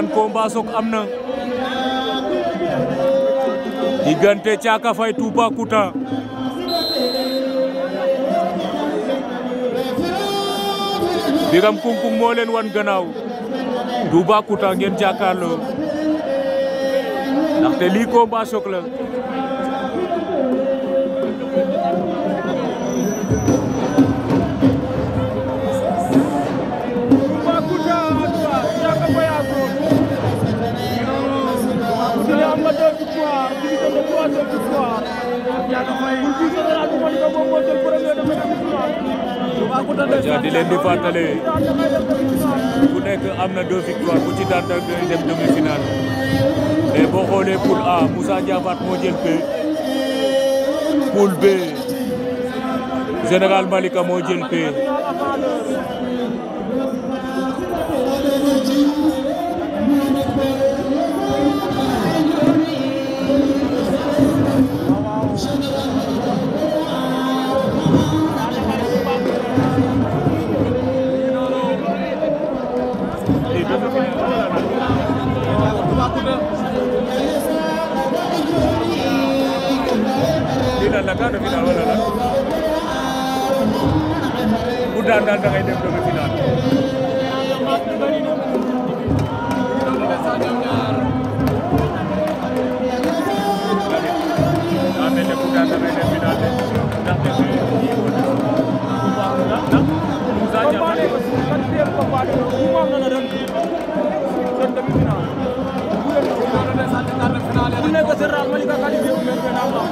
ndeysaan combat soog am na diggante Caaka Faye Toubacouta Biram Kungkung moo leen wan gannaaw Toubacouta ngeen jàkkaarloo ndaxte lii combat soog la jël coup droit Ndiaga Faye bu général bu moo nekk am na deux victoire bu ci daan rek day dem demi-finale mais boo xoolee poule A Moussa Diabat moo jël B poule B général Malika moo jël B la quart de finale wala la bu daan daan da ngay dem demi finale daa mel ne bu daan da ngay dem finale ndax defe Thank you.